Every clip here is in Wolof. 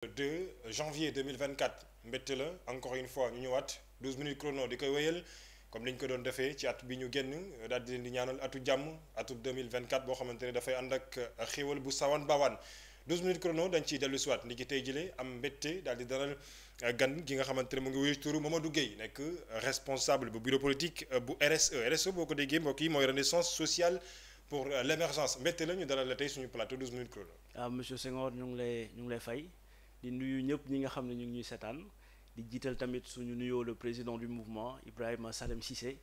2 janvier 2024 mbette la encore une fois ñu ñëwaat 12 minutes chrono di ko wéyal comme ni ñu ko doon defee ci at bi ñu génn daal di leen di ñaanal atu jàmm atu 2024 boo xamante ne dafay ànd ak xéwal bu sawan bawaan 12 minutes dañ ciy dellu siwaat ni ki tey jëlee am mbette daal di dalal gan gi nga xamante ne mu ngi wuyu turu Mamadou Guèye nekk responsable bu bureau politique bu RSE RSE boo ko déggee mbokk yi mooy renaissance sociale pour l' émergence la ñu dalal la tey suñu plateau 12 minutes chrono. ah monsieur Senghor ngi lay ñu ngi lay fay. di nuyu ñëpp ñi nga xam ne ñu ngi ñuy seetaan di jiital tamit suñu nuyoo le président du mouvement Ibrahima Salem Cissé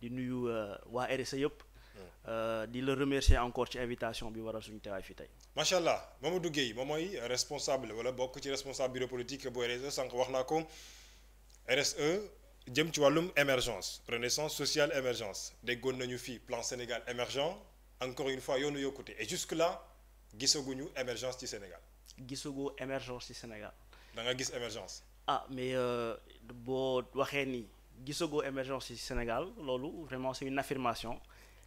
di nuyu euh, waa RSA yëpp. Hmm. Euh, di la remercier encore ci invitation bi waral suñu teewaay fi tey. macha allah Mamadou Gueye moom mooy responsable wala bokk ci responsable bureau politique bu RSE sànq wax naa ko RSE jëm ci wàllum émergence renaissance sociale émergence déggoon nañu fii plan Sénégal émergent encore une fois yoonu yokkute et jusque gisaguñu émergence ci Sénégal. gisagoo émergence ci Sénégal. da nga gis émergence. ah mais euh, boo waxee ni gisagoo émergence ci Sénégal loolu vraiment c'est une affirmation.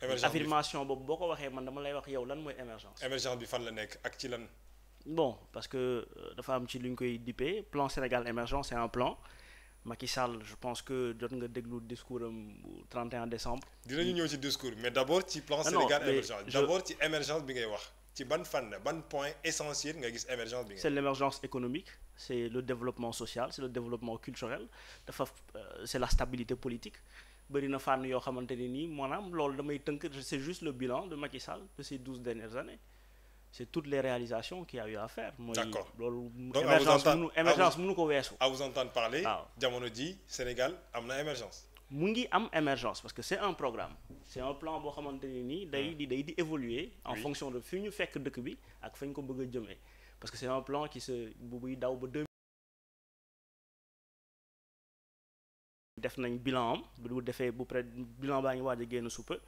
émergence affirmation boobu boo ko waxee man dama lay wax yow lan mooy émergence. émergence bi fan la nekk ak ci lan. bon parce que euh, dafa am ci lu ñu koy dippee plan Sénégal émergent c'est un plan Macky Sall pense que jot nga déglu discours am 31 décembre. ñu ñëw ci discours mais d'abord ci plan. Ah Sénégal émergent d'abord ci bi ngay wax. ci ban fànn ban point essentiel nga gis émergence bi. c'est l'émergence économique c'est le développement social c'est le développement culturel dafa euh, c'est la stabilité politique bëri na fànn yoo xamante ne nii maanaam loolu damay tënk c'est juste le bilan de Macky Sall de ces douze dernières années c'est toutes les réalisations qu'il y a eu à faire. mooy loolu émergence mënu émergence mënu ko weesu. à vous entendre parler. waaw jamono ji Sénégal am na émergence. mu ngi am émergence parce que c'est un programme c'est un plan boo xamante ne nii day di day di évoluer en oui. fonction de fi ñu fekk dëkk bi ak fañ ko bëgg a jëmee parce que c'est un plan qui se bu buy daw ba deux def nañ bilan am bu defee bu près bilan baa ngi waaj a génn suupa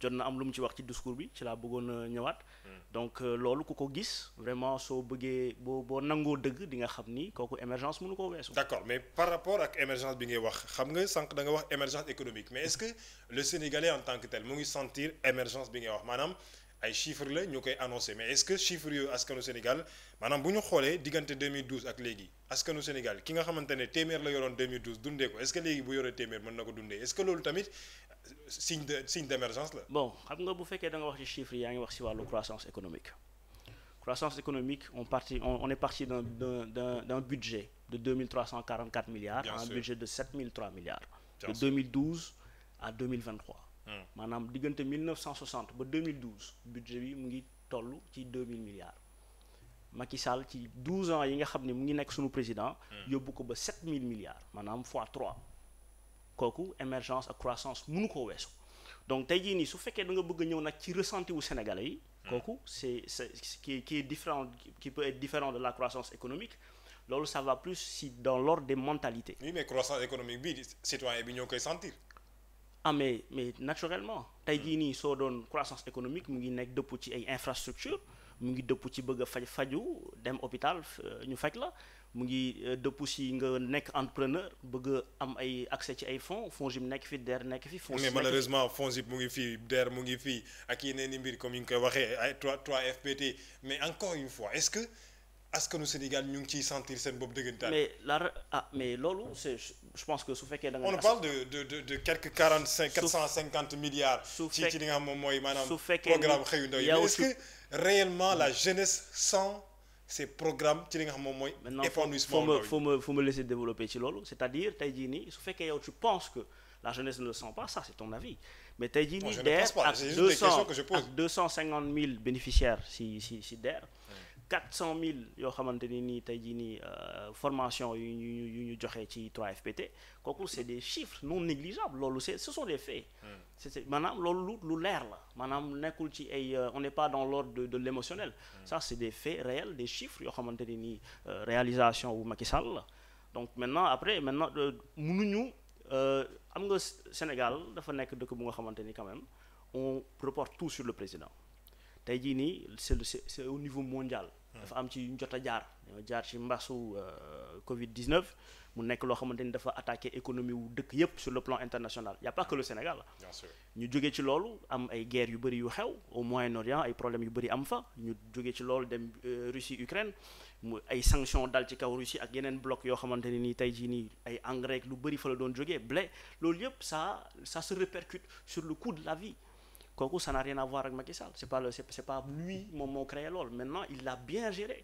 jot na am lu mu ci wax ci discours bi ci laa bëggoon euh, ñëwaat. Hmm. donc euh, loolu ku ko gis vraiment soo bëggee boo boo nangoo dëgg dinga xam ni kooku émergence mënu koo weesu. d' mais par rapport ak émergence bi ngay wax xam nga sànq da nga wax émergence économique mais est ce que le Sénégalais en tant que tel mu ngi sentir émergence bi ngay wax maanaam. ay chiffres la ñu koy annoncé mais est-ce que chiffres yooyu askanu Sénégal maanaam bu ñu xoolee diggante 2012 ak léegi askanu Sénégal ki nga xamante ne téeméer la yoroon 2012 dundee ko est-ce que léegi bu yoree téeméer mën na ko dundee est-ce loolu tamit euh, signe de signe d'émergence la. bon xam nga bu fekkee da wax ci chiffres yaa ngi wax ci wàllu croissance économique croissance économique on parti on, on est parti d'un d'un d'un budget de 2344 milliards. bien sûr à un budget de maanaam diggante 1960 ba 2012 budget bi mu ngi toll ci 2000 milliards. Macky Sall ci 12 ans yi nga xam ne mu ngi nekk suñu président. Hmm. yóbbu ko ba 7000 milliards maanaam fois 3 kooku émergence ak croissance mënu koo weesu. donc tey jii nii su fekkee da nga bëgg ñëw nag ci ressenti wu Sénégalais yi. Hmm. kooku c'est c'est qui qui est différent peut être différent de la croissance économique. loolu ça va plus si dans l'ordre des mentalités. oui mais croissance économique bi citoyen bi ñoo koy sentir. ah mais mais naturellement tey jii hmm. nii soo doon croissance économique mu ngi nekk dëpp ci ay infrastructure mu ngi dëpp ci bëgg a faj faju dem hôpital euh, ñu faj la mu ngi euh, dëpp si nga nekk entrepreneur bëgg am ay accès ci ay fonds FONGIP nekk fi DER nekk fi. FONGIP mais malheureusement mu ngi fi DER mu ngi fi ak yeneen i mbir comme yi nga koy waxee ay 3 3 FPT mais encore une fois est-ce que. askanu Sénégal ñu ngi ciy sentir seen bopp dëggantaan. mais la ah, loolu c'est je pense que su fekkee da nga. on parle de de de de quelque quarante cinq quatre cent cinquante milliards. su fekkee ci li nga xam moom mooy maanaam. programme xëyu ndaw réellement la jeunesse sent ces programmes ci nga xam moom mooy. épanouissement ndaw yi faut ma faut ma laisser développer ci loolu c'est-à-dire tey jii nii su fekkee yow tu la jeunesse ne sent pas c'est ton avis mais tey jii nii. DER ak deux cent ak mille bénéficiaires si si quatre cent mille yoo xamante ni nii tey jii nii euh, formation yu ñu yu ñu joxee ci 3FPT kooku c' est des chiffres non négligeables loolu c' ce sont des faits. Hmm. c' maanaam loolu lu lu leer la maanaam nekkul ci ay euh, on n' est pas dans l' de de l' c' est des faits réels des chiffres yoo xamante ni nii euh, réalisation wu Macky Sall la donc maintenant après maintenant mënuñu am nga Sénégal dafa nekk dëkk bu nga xamante ni quand même on reporte tout sur le président tey jii nii c' est c' est au niveau mondial. dafa am ci yuñ jot a jaar dañoo jaar ci mbasu euh, Covid 19 mu nekk loo xamante ni dafa attaqué économie wu dëkk yépp sur le plan international y a pas Sénégal la ñu jógee ci loolu am ay guerre yu bëri yu xew au Moyen-Orient ay problèmes yu bëri am fa ñu jógee ci loolu dem euh, Russie Ukraine mu ay sanctions dal ci kaw Russie ak yeneen bloc yoo xamante ne nii tey jii nii ay engrais lu bëri fa la doon jógee blé loolu yëpp saa ça se répercute sur le coût de la kooku ça n'a rien à voir ak Macky Sall c'est pas le c'est, c'est pas lui moom moo créé loolu maintenant il l'a bien géré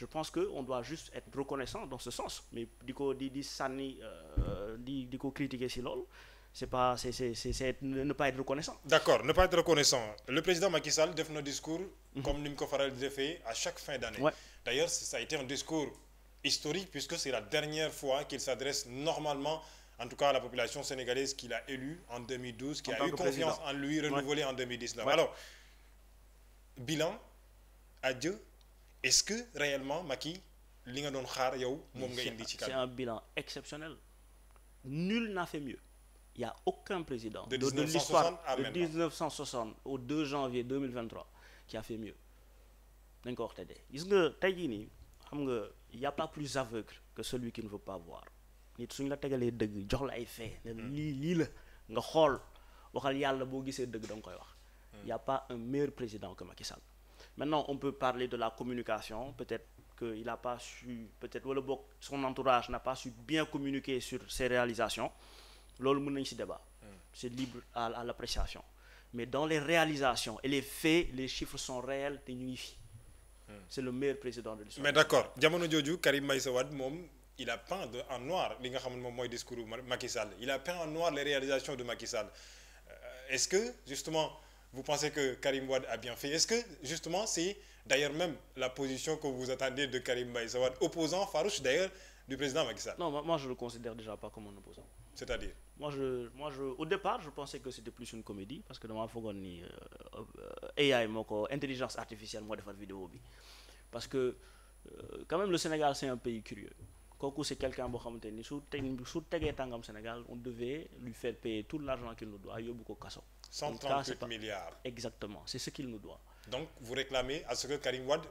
je pense que on doit juste être reconnaissant dans ce sens mais di ko di di sànni euh, di di ko critiquer si loolu c'est pas c'est c'est c'est, c'est être, ne pas être reconnaissant. d'accord ne pas être reconnaissant le président Macky Sall def na discours. Mm-hmm. comme ni mu ko faral di defee à chaque fin d'année. Ouais. d'ailleurs ça a été un discours historique puisque c'est la dernière fois qu'il s'adresse normalement. en tout cas la population sénégalaise qu'il a élue en 2012, qui en a eu confiance en lui, renouvelée en 2019. Ouais. Alors, est-ce que réellement Macky li nga doon xaar yow moom nga indi ci kàddu. C'est un bilan exceptionnel. Nul n'a fait mieux. Il n'y a aucun président de, de, de l'histoire de 1960 au 2 janvier 2023 qui a fait mieux. dañ ko wax te gis nga tey jii nii xam nga il n'y a pas plus aveugle que celui qui ne veut pas voir. nit suñ la tegalee dëgg jox la ay fait ne lii la nga xool waxal yàlla boo gisee dëgg da koy wax hmm. y a pas un meilleur président que Macky Sall maintenant on peut parler de la communication peut-être que il a pas su peut-être wala boog son entourage n'a pas su bien communiquer sur ses réalisations loolu mun nañ si débat hmm. c'est libre à, à l'appréciation mais dans les réalisations et les faits les chiffres sont réels te ñu ngi fi hmm. c'est le meilleur président de l'histoire jamono jooju Karim Meïssa moom il a peint de en noir moom mooy a peint en noir les réalisations de Macky euh, est-ce que justement vous pensez que Karim Wade a bien fait est-ce que justement c'est d'ailleurs même la position que vous attendez de Karim Meïssa Wade opposant farouche d'ailleurs du président Macky non je le considère déjà pas comme un opposant c'est-à-dire au départ je pensais que c'était plus une comédie parce que dama foogoon ni euh, AI moo ko intelligence artificielle moo defar vidéo bi parce que euh, quand même kooku c'est quelqu'un boo xamante ni su teg su tegee tàngam Sénégal on devait lui faire payer tout l'argent qu'il nous doit yóbbu ko kaso. 138 milliards exactement c'est ce qu'il nous doit. donc vous réclamez à ce que Karim Wade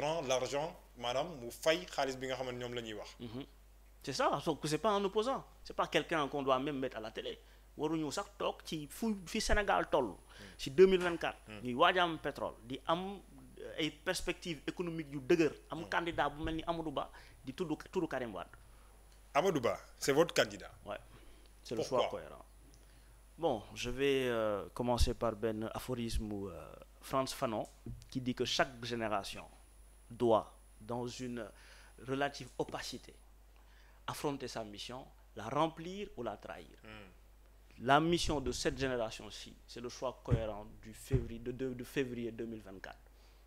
rend l'argent maanaam mu fay xaalis bi nga xam la ñuy wax. Mm-hmm. c'est ça donc c'est pas un opposant c'est pas quelqu'un qu'on doit même mettre à la télé waruñu sax toog ci fi Sénégal toll. ci mm. 2024. Mm. ñuy pétrole di am. ay perspectives économiques yu dëgër. am candidat bu mel ni Amadou Ba di tudd turu Karim Ba c'est votre candidat. waaw c'est le choix cohérent je vais euh, commencer par benn aphorisme euh, Frantz Fanon qui dit que chaque génération doit dans une relative opacité affronter sa mission la remplir ou la trahir. Mm. la mission de cette génération-ci c'est le choix cohérent du février de, de,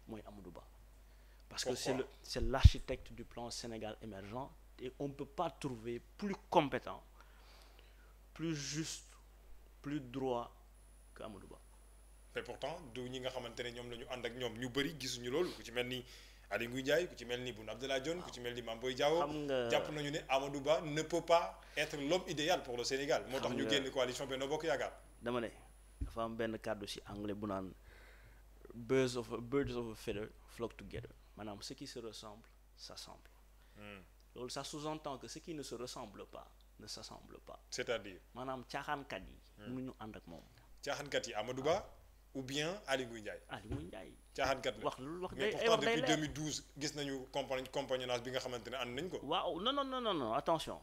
mooy Amadou Ba parce que c'est le c'est l'architecte du plan Sénégal émergent et on ne peut pas trouver plus compétent plus juste plus droit que Amadou Ba mais pourtant du ñi nga xamante ne ñoom la ñu ànd ak ñoom ñu bëri gisuñu loolu ku ci mel ni Aly Ngouille jaay ku ci mel ni Boun Abdallah Dionne ku ci mel ni Mame Boye Diao jàpp nañu ne Amadou Ba ne peut pas être l'homme idéal pour le Sénégal moo tax ñu génn coalition Benno Bokk Yaakaar dama ne dafa am benn kàddu ci anglais bu naan birds of a, birds of a feather flock together maanaam ce qui se ressemble s'assemble mm. loolu ça sous-entend que ce qui ne se ressemble pas ne s'assemble pas. c'est-à-dire. maanaam caaxaankat yi. Hmm. mënuñu ànd ak moom. caaxaankat yi Amadou Ba ou bien Aly Ngouille Ndiaye. Aly Ngouille Ndiaye. caaxaankat la wax lu wax day mais pourtant depuis 2012 gis nañu compa compagnonnage bi nga xamante ne ànd nañ ko. waaw non non non non non attention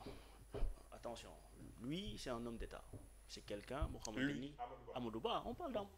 attention lui c'est un homme d'État c'est quelqu'un boo xamante ni Amadou Ba on parle d'homme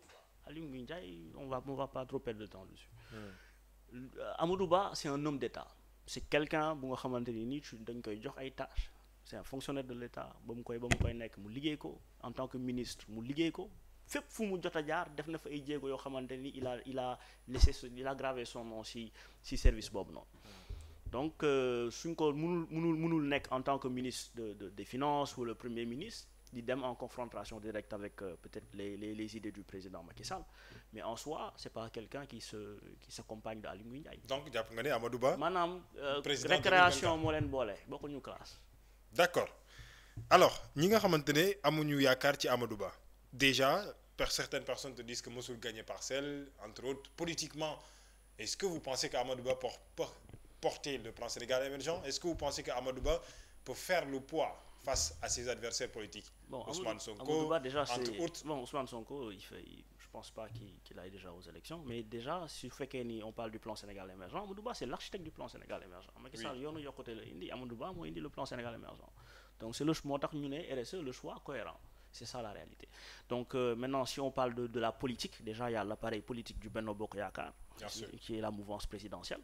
Aliou Ngouille Ndiaye on va on trop perdre de temps dessus hmm. Amadou Ba c'est un homme d'État c'est quelqu'un bu nga xamante ni nit dañ koy jox ay tâches c'est un fonctionnaire de l'État ba mu koy ba mu koy nekk mu liggéey ko en tant que ministre mu liggéey ko fépp fu mu jot a jaar def na fa ay jéego yoo xamante ni il a il a laissé il a gravé son nom ci ci service boobu noonu hmm. donc euh, suñ ko mënul mënul mënul nekk en tant que ministre de de des finances ou le premier ministre di dem en confrontation directe avec euh, peut-être les, les les idées du président Macky Sall mais en soi c'est pas quelqu'un qui se qui s'accompagne de donc jàpp nga ne Amadou Ba. maanaam euh, récréation moo leen boole bokkuñu classe. d'accord alors ñi nga xamante ne amuñu yaakaar ci Amadou Ba déjà par certaines personnes te disent que mosul gagné parcelle entre autres politiquement est-ce que vous pensez que Amadou Ba pour porter le plan Sénégal émergent est-ce que vous pensez que Ba peut faire le poids. face à ses adversaires politiques. Bon, Ousmane Sonko, déjà, Sonko, je pense pas qu'il qu déjà aux élections, mais déjà, si fait on parle du plan Sénégal émergent, Amadouba, c'est l'architecte du plan Sénégal émergent. Mais qu'est-ce e, le choix, cohérent. C'est ça la réalité. Donc euh, maintenant, si on parle de, la politique, déjà il y a l'appareil politique du Benno Bokayaka, qui est la mouvance présidentielle.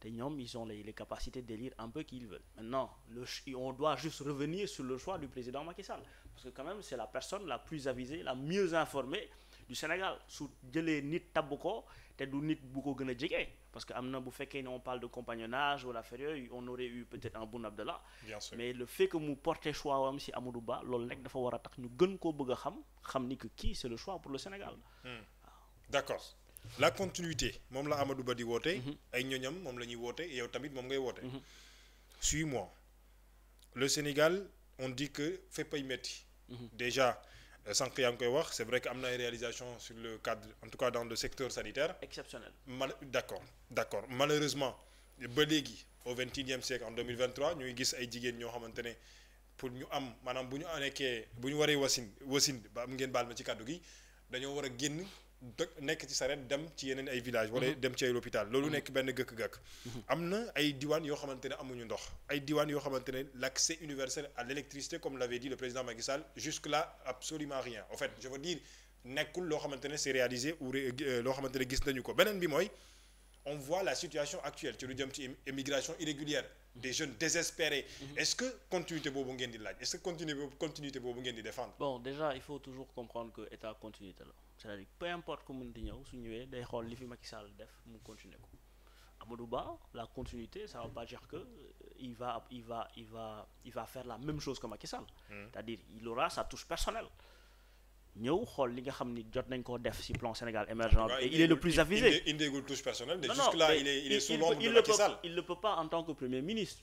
te ñoom ils ont les, les capacités d'élire un peu qui ils veulent maintenant le on doit juste revenir sur le choix du président Macky Sall parce que quand même c'est la personne la plus avisée la mieux informée du Sénégal su jëlee nit tabb ko te du nit bu ko gën a jege parce que am na bu fekkee ne on parle de compagnonnage wala affaire yooyu on aurait eu peut-être un Boun Abdallah mais le fait que mu porté choix wam si Amadou Ba loolu nekk dafa war a tax ñu gën koo bëgg a xam xam ni que kii c'est le choix pour le la continuité moom la Amadou Ba di woote. Mhm. ay ñoñam moom la ñuy woote yow tamit moom ngay woote. Mhm. suis mois le Sénégal on di que fépp ay métti. Mhm. déjà euh, sànq yaa ngi koy wax c'est vrai que am na ay réalisations sur le cadre en tout cas dans le secteur sanitaire. exceptionnel mal d'accord d'accord malheureusement ba léegi au vingt et unième siècle en deux mille vingt trois ñuy gis ay jigéen ñoo xamante ne. pour ñu am maanaam bu ñu nekkee bu ñu waree wasin wasin ba am ngeen baal ma ci kàddu gi dañoo war a génn dëkk nekk ci sa saret dem ci yeneen ay village wala mhm. dem ci ay hôpital loolu mhm. nekk benn gëkk-gëkk mhm. am na ay diwaan yoo xamante amuñu ndox ay diwaan yoo xamante ne l' accès universel à l' électricité comme l'avait dit le président Macky jusque là absolument rien en fait je veux dire nekkul loo xamante ne c'est réalisé ou euh, loo xamante ne gis nañu ko beneen bi mooy on voit la situation actuelle ci lu jëm ci immigration irrégulière des jeunes désespérés est-ce que continuité boobu ngeen c'est-à-dire peu importe ku mën di ñëw su ñëwee day xool li fi Macky Sall def mu continuer ko Amadou Ba la continuité ça veut pas dire que euh, il va il va il faire la même chose que Macky Sall. Hmm. c'est-à-dire il aura sa touche personnelle. ñëw xool li nga xam ni jot nañ koo def ci plan Sénégal émergent et il est le plus avisé. il ne peut pas en tant que premier ministre.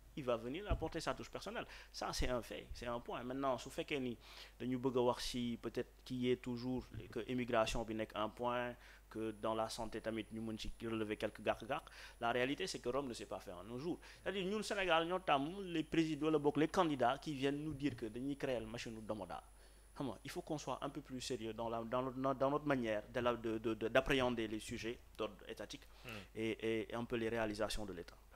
il va venir apporter sa touche personnelle ça c'est un point maintenant su fekkee ni dañu bëgg a wax si peut-être qu'il y ait toujours que immigration bi un point que dans la santé tamit ñu mën ci relever quelques gàq-gàq la réalité c'est que Rome ne s'est pas fait en un jour c'est-à-dire ñun Sénégal ñoo tàmm les machine u domoda xam nga il faut qu'on soit un peu plus sérieux dans notre manière de la de d'appréhender les sujets d'ordre étatique hmm. et un peu les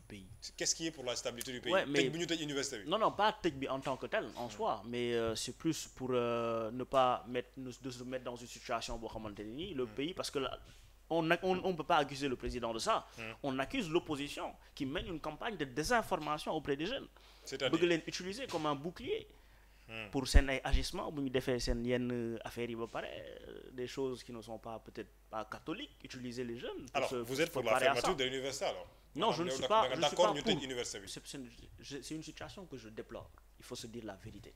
du pays. Qu'est-ce qui est pour la stabilité du pays ouais, mais tëj bi ñu tëj université bi. non non pas tëj bi en tant que tel en soi mais euh, c'est plus pour euh, ne pas mettre nous de se mettre dans une situation boo xamante ne nii le hmm. pays parce que la on ne on, on peut pas accuser le président de ça. Hmm. on accuse l'opposition qui mène une campagne de désinformation auprès des jeunes. c'est-à-dire bëgg leen utiliser comme un bouclier. Hmm. pour seen ay agissement bu ñu defee seen yenn euh, affaires yi ba pare euh, des choses qui ne sont pas peut-être pas catholiques utiliser les jeunes. alors vous êtes pour la fermeture de l'université alors. non ah, je ne suis pas je suis pas pour c'est une situation que je déplore il faut se dire la vérité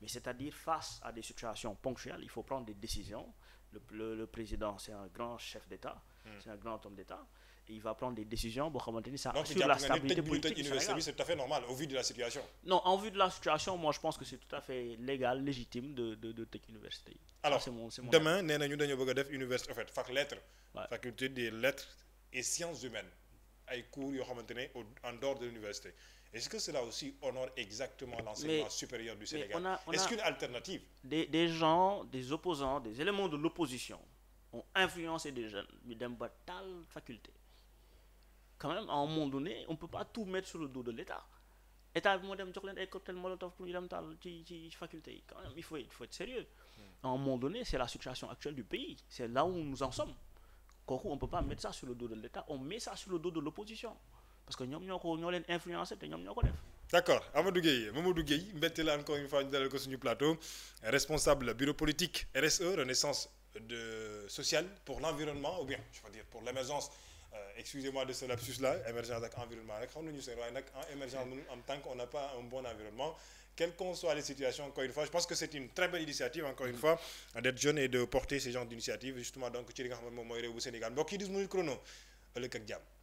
mais c'est-à-dire face à des situations ponctuelles il faut prendre des décisions le le, le président c'est un grand chef d'État mm. c'est un grand homme d'État et il va prendre des décisions boo xamante ni ça assure la stabilité politique du Sénégal c'est tout à fait normal au vu de la situation non en vue de la situation moi je pense que c'est tout à fait légal légitime de de de tëj université yi alors c'est mon, c'est mon demain nee nañu dañoo bëgg a def université en fait fac lettres faculté des lettres et sciences humaines ay cours yoo xamante ne en dehors de l'université est-ce que cela aussi honore exactement l'enseignement supérieur du Sénégal on a, on a est-ce qu'une alternative des des gens des opposants des éléments de l'opposition ont influencé des jeunes ñu dem ba tal faculté quand même à un moment donné on peut pas tout mettre sur le dos de l'État état bi moo dem jox leen ay cocktail molotov pour ñu ci ci faculté yi quand même il faut il faut être sérieux hmm. à un moment donné c'est la situation actuelle du pays c'est là où nous en sommes kooku on peut pas mettre ça sur le dos de l'État on met ça sur le dos de l'opposition parce que ñoom ñoo ko ñoo leen influencé te ñoom ñoo ko def d'accord Amadou Gueye Mamadou Gueye mbette la encore une fois ñu dalal ko plateau responsable bureau politique RSE Renaissance sociale pour l'environnement ou bien je veux dire pour l'émergence Euh, excusez-moi de ce lapsus là émergence ak environnement rek xam nañu seen waaye en émergence mënul am tant qu'on n'a pas un bon environnement quelles qu'en soient les situations, encore une fois, je pense que c'est une très belle initiative, encore une fois, d'être jeune et de porter ces genres d'initiatives, justement, donc ci li nga xam ne moom Sénégal mbokk yi 12 minutes chrono ak jàmm